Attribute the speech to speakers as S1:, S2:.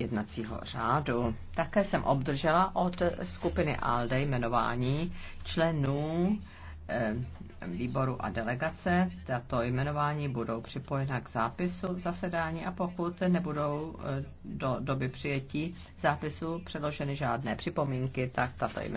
S1: jednacího řádu. Také jsem obdržela od skupiny ALDE jmenování členů eh, výboru a delegace. Tato jmenování budou připojena k zápisu zasedání a pokud nebudou eh, do doby přijetí zápisu předloženy žádné připomínky, tak tato jmenování